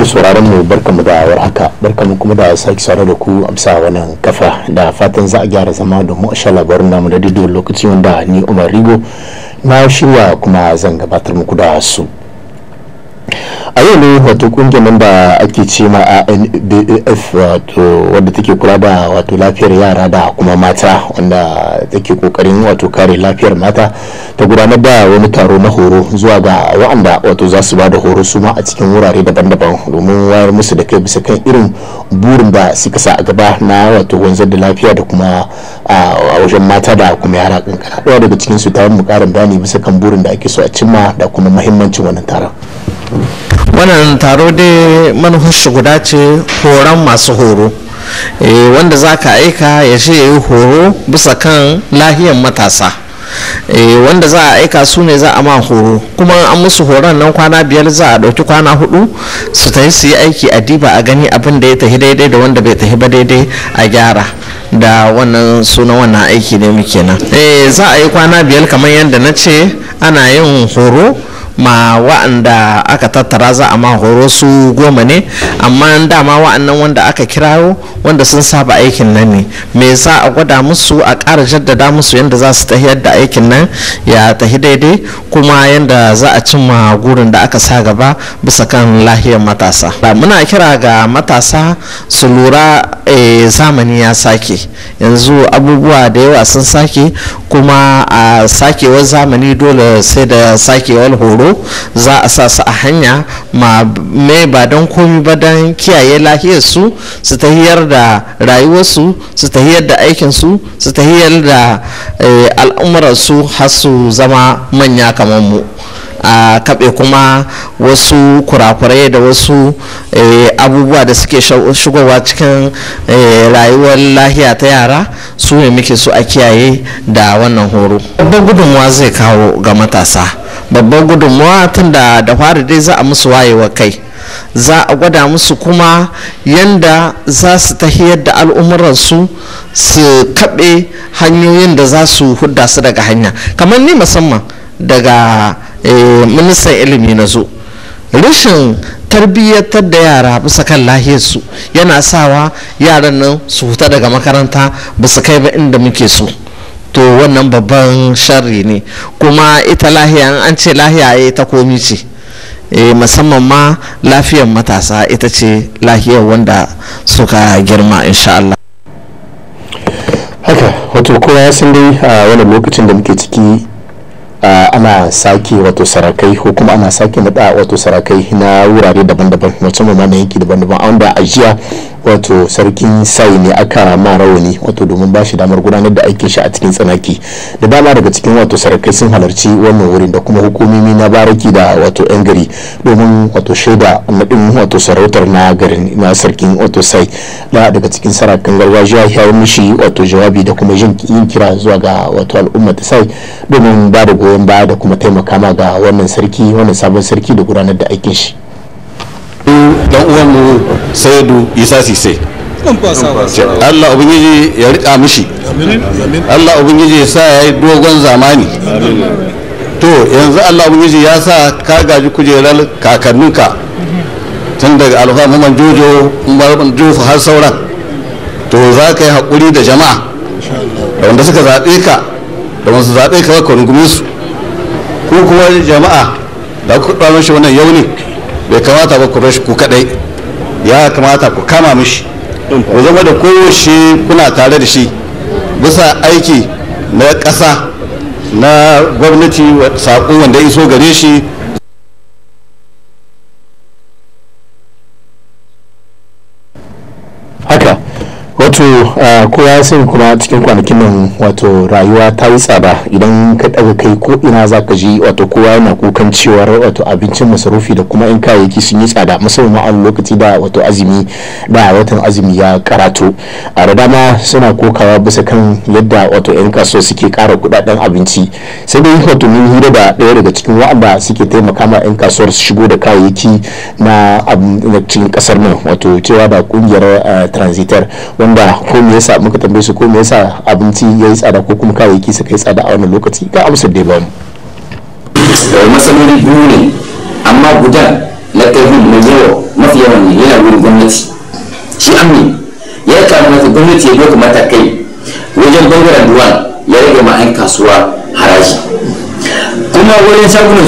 da sauraron mu barka mu da haka barka mu kuma da sake saurare da ku amsa wannan kafa da fatan za a gyara zama da mu sha labarin namu da duk lokaci wanda ni Umar Rigo na shirya kuma zan gabatar muku da su a yau ne wato kungiyar nan da ake ce ma a anbf wato wadda take kula da wato lafiyar yara da kuma mata wanda take kokarin wato kare lafiyar mata ta gudanar da wani taro na horo zuwa ga wa'anda wato za su ba da horo su ma a cikin wurare daban-daban domin wayar musu da kai bisa kan irin burin da suka sa a gaba na wato wanzar da lafiya da kuma a wajen mata da kuma yara kankana ɗaya daga cikin su ta mu karin bayani bisa kan burin da ake so a cimma da kuma mahimmancin wannan taron wannan taro dai manufarshi guda ce horon masu horo eh, wanda za ka aika ya ce yi horo bisa kan lahiyan matasa eh, wanda za a aika su ne za a ma horo kuma an musu horon nan kwana biyar za a ɗauki kwana hudu su tafi su yi aiki a diba a gani abin da ya tafi daidai da wanda bai tafi ba daidai a gyara da wannan suna wannan aiki ne muke nan eh, za a yi kwana biyar kamar yadda na ce ana yin horo ma wa'anda aka tattara za a ma horo su goma ne amma dama wa'annan wanda aka kirawo wanda sun saba aikin nan ne me za a gwada musu a ƙara jaddada musu yadda za su tahiyar da aikin nan ya tahi daidai kuma yadda za a cimma gurin da aka sa gaba bisa kan lahiyar matasa muna kira ga matasa su lura eh, zamani ya sake yanzu abubuwa da yawa sun sake kuma a sakewar zamani dole sai da sakewar horo za a sa su a hanya ma me ba don komi ba don kiyaye lahiyarsu su tahiyar da rayuwarsu su tahiyar da aikinsu su tahiyar da eh, al'ummarsu har su zama manya kamar mu a kaɓe kuma wasu kurakurai da wasu eh, abubuwa da suke shigowa cikin eh, rayuwar lahiya ta yara su ne muke so a kiyaye da wannan horo babban gudunmuwa zai kawo ga matasa babban gudunmawa tun da da fari dai za a musu wayewa kai za a gwada musu kuma yanda za su tahiyar da al'umuransu su kaɓe hanyoyin da za su hudda su daga hanya kamar ni musamman daga eh, ministan ilimi na zo rashin tarbiyyatar da yara bisa kan lahiyarsu yana sawa yaran nan su huta daga makaranta ba su kai ba inda muke so to wannan babban sharri ne kuma ita lahiya an ce lahiya ya eh, ta komi ce e, musamman ma lafiyar matasa ita ce lahiyar wanda suka girma insha Allah haka wato kowa ya san dai a wani lokacin da muke ciki ana sake wato sarakai ko kuma ana sake naɗa wato sarakai na wurare daban-daban musamman ma na yanki daban-daban a wanda ajiya wato sarkin sai ne aka ma rawani wato domin ba shi damar gudanar da aikin shi a cikin tsanaki da dama daga cikin wato sarakai sun halarci wannan wurin da kuma hukumomi na baraki da wato yan gari domin wato shaida naɗin wato sarautar na garin na sarkin wato sai da daga cikin sarakan gargajiya ya yi mishi wato jawabi da kuma yin kira zuwa ga wato al'umma ta sai domin ba da goyon baya da kuma taimaka ma ga wannan sarki wannan sabon sarki da gudanar da aikin shi eh, dan uwanmu saidu isa sise Allah ubangiji ya rika mishi Allah ubangiji ya sa ya yi dogon zamani to yanzu Allah ubangiji ya sa ka gaji kujerar kakanninka tun daga alfa muhammad jojo muhammad jofa har sauran to za ka yi haƙuri da jama'a da wanda suka zaɓe ka da wasu zaɓe ka ka rungume su ko kuma jama'a da kuka ɗanon shi wannan yau ne bai kamata ba ku shi ku kadai ya kamata ku kama mishi ku zama da kowace kuna tare da shi bisa aiki na ƙasa na gwamnati saƙo wanda iso gare shi wato kowa sani kuma cikin kwanakin nan wato rayuwa ta yi tsada idan ka daga kai ko ina za ka ji wato kowa yana kukan cewar wato abincin masarufi da kuma in kayayyaki sun yi tsada musamman a lokaci da wato azumi da watan azumi ya karatu a da dama suna kokawa bisa kan yadda wato yan kasuwar suke kara kudaden abinci sai dai wato mun hira da daya daga cikin wa'anda suke taimaka ma yan kasuwar su shigo da kayayyaki na um, cikin kasar nan wato cewa da kungiyar transitor wanda ba ko me yasa muka tambaye su ko me yasa abinci ya yi tsada ko kuma kayayyaki suka yi tsada a wannan lokaci ga amsar da mu. bamu eh, matsaloli biyu ne amma guda na ƙarfin mai yawa mafi yawan ne yana wuri gwamnati shi ne ya kamata gwamnati ya doka kai wajen bangaren ruwa ya rage ma'an kasuwa haraji kuma wurin shagunan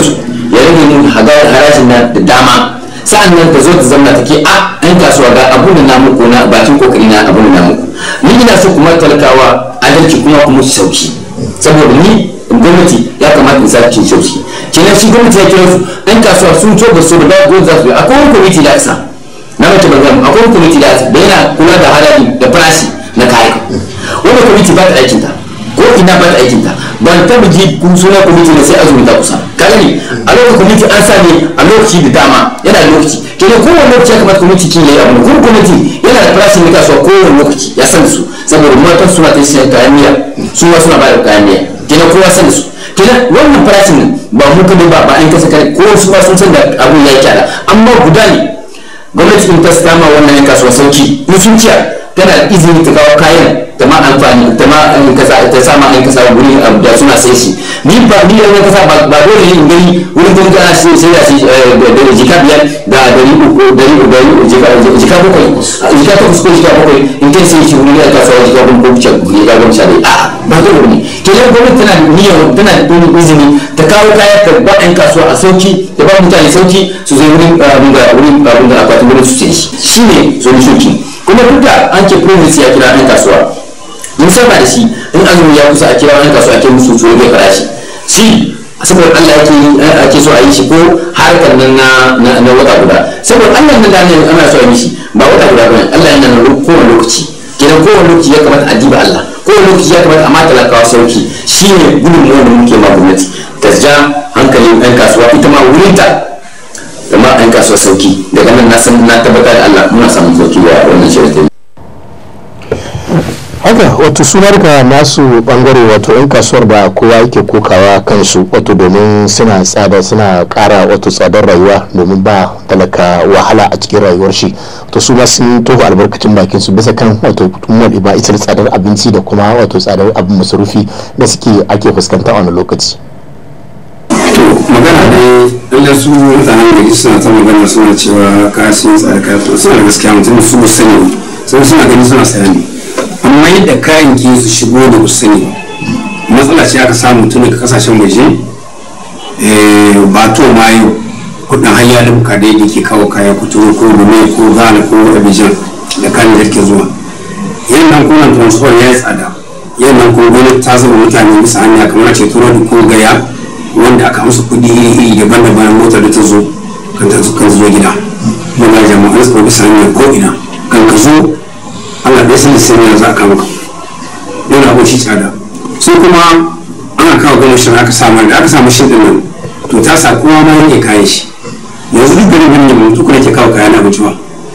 ya rage mun harajin na da dama sa'an nan ta zo ta zama ta ke a ɗan kasuwa ga abun da na muku na bakin kokari na abun da na ni ina so kuma talakawa adalci kuma kuma sauki saboda ni gwamnati ya kamata in sa cin sauki kenan shi gwamnati ya kira su ɗan kasuwa sun ce ba su da gwamnati za su yi akwai wani kwamiti da isa na mace bangaren akwai wani kwamiti da isa da yana kula da halayen da farashi na kayan wanda kwamiti ba ta aikinta ko ina ba ta aikin ta ban taba ji kun suna kwamiti ne sai azumi ta kusa ka ne a lokacin kwamiti an sa ne a lokaci da dama yana da lokaci ne kowane lokaci ya kamata kwamiti kin yayi abu kuma kwamiti yana da ka da kasuwa kowane lokaci ya san su saboda matan suna ta shi kayan miya su ma suna bayar kayan miya ne kowa san su ne wannan farashin ba mu kadai ba ba an kasa kare ko su ma sun san da abun ya kyala amma guda ne gwamnati in ta tsama wannan yan kasuwa sauki in sun tana izini ta kawo kayan ta ma amfani ta ma in ta sama sa kasa a da suna sai shi ni ba ni ka sa ba dole ne in gani wuri gwamnati ana sai sai da shi eh, da jika biyar da dari uku dari uku dari ni jika jika kai jika takwas ko jika kai in kai sai shi wurin ka sa jika goma ko jika jika ga sha ɗaya a ba dole ne kenan gwamnati tana niyyar tana da izini ta kawo kayan ta ba in kasuwa a sauki ba mutane sauki su zai wurin ah, abin da wurin abin da akwatin wurin su ce shi ne zuwa shuki kuma duk da an ce province ya kira ɗan kasuwa mun saba da shi in azumi ya kusa a kira ɗan kasuwa ke musu su rage fara shi saboda Allah yake eh, ake so a yi shi ko harkar nan na na wata guda saboda Allah nan da ana so a yi shi ba wata guda bane Allah yana nan kowane lokaci gidan kowane lokaci ya kamata a diba Allah kowane lokaci ya kamata a matalakawa sauki ne gudunmuwa da muke ma gwamnati ta yin ɗan kasuwa ita ma wurinta da ma ɗan kasuwa sauki daga nan na na tabbatar da Allah muna samun sauki wa wannan shirin haka wato su marka nasu bangare wato yan kasuwar ba kowa yake kokawa kansu wato domin suna tsada suna kara wato tsadar rayuwa domin ba talaka wahala a cikin rayuwar shi to su ma sun tofa albarkacin bakin su bisa kan wato tumar iba ita tsadar abinci da kuma wato tsadar abin masarufi da suke ake fuskanta a wani lokaci magana dai lallai su mutanen da suna ta magana suna cewa ka sun tsare ka suna da gaskiya mutum su ba sani sai suna gani suna sayani amma yadda kayan ki su shigo da ba sani matsala ce aka samu tun daga kasashen waje eh, ba to ma yi kudin hanya da buka da yake kawo kaya kuturu ko gome ko ghana ko abijan da kayan da ke zuwa yin nan kuma transfer ya yi tsada yin nan kuma gwamnati ta zama mutane bisa hanya kamar ce turo ko gaya wanda aka musu kuɗi iri daban-daban motar da ta zo kan ta kan zo gida muna jama'an tsaro bisa hanyar ko ina kan ka zo Allah da sani sai yana za a kama ka dole abin shi tsada sai kuma ana kawo gama shi aka samu da aka samu shi ɗin to ta sa kowa ma yake kayan shi yanzu duk garin garin da mutu kuna ke kawo kayan abinci ba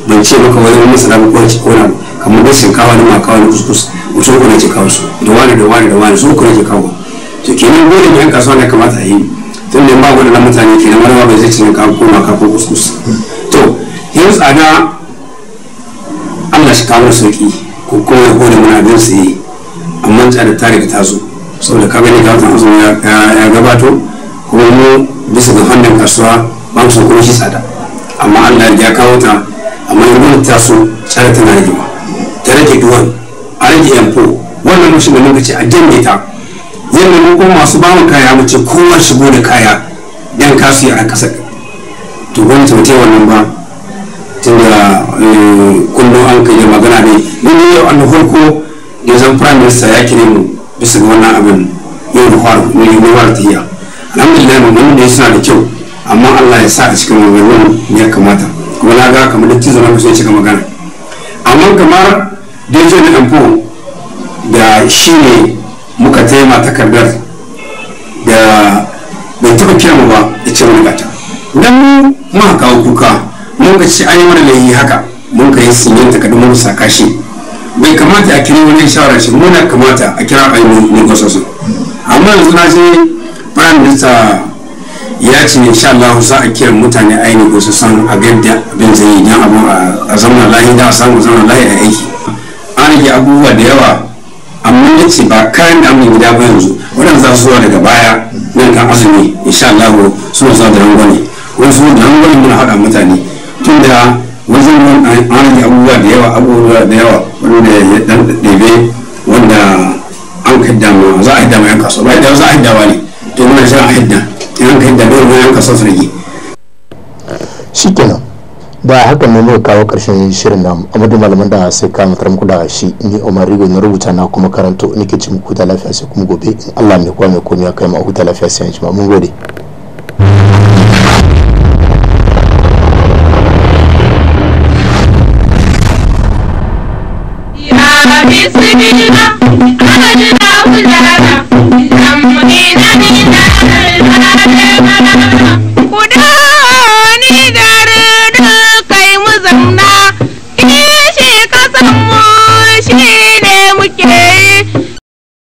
ban ce maka wani masara ba ko wani kona kamar da shinkawa da makawa da kuskus mutum kuna ke kawo su da wani da wani da wani su kuna ke kawo to kenan dole ne kasuwa ne kamata yi tun da ba wadannan mutane kenan wani bai zai cinye kawo koma kafin kuskus to yin tsada allah shi kawo sauki ko kuma ya gode muna abin su yi amma tsada ta riga ta zo saboda ka gani kawo tanzu ya gabato kuma mu bisa ga fannin kasuwa ba mu kuma shi tsada amma allah ya kawo ta amma ya ta taso. tsada tana yi ba ta rage duwan a rage yanko wannan mashi da lokaci a janye ta zai mu kuma masu bamu kaya mu ce kowa shigo da kaya yan kasu a ƙasar to wani ba wannan ba tunda eh, kullum an kai magana ne ne yau an hulko da zan prime minister ya kire mu bisa ga wannan abin yau da faru ne ne ta iya. alhamdulillah mun mun da suna da kyau amma Allah ya sa a cikin wannan ya kamata kuma na ga kamar dattin zaman kusa ya cika magana amma kamar da ya da da shi ne ma takardar da bai taɓa kira mu ba ya ce mana gata dan mu ma ka kuka mun ga shi ai mana laifi haka mun ka yi sinyan takardun mun saka shi bai kamata a kira wani shawara shi muna kamata a kira ai mun kwasosu amma yanzu na je prime minister ya ce insha Allah za a kira mutane aini ko su san ga da abin zai yi dan abu a zaman lahi da a samu zamna lahi a aiki an rage abubuwa da yawa amma ya ce ba kayan da amin gida ba yanzu waɗanda za su zuwa daga baya nan kan azumi insha Allah suna zuwa da rangwame wani su da rangwame muna haɗa mutane tun da wajen an rage abubuwa da yawa abubuwa da yawa wanda ya ɗan ɗebe wanda an ka dama za a hidda ma yan kasuwa ba yadda za a hidda ne to muna shirin a hidda in an ka hidda dole ruwan yan kasuwa su rage. shi kenan da haka ne muka kawo karshen shirin namu amadu malaman da sai ka matar muku da shi ni umar Rigo na rubuta na kuma karanto nake ci muku da lafiya sai kuma gobe in Allah ne kwa mai komai ya kai mu lafiya sai an mun gode Bismillah,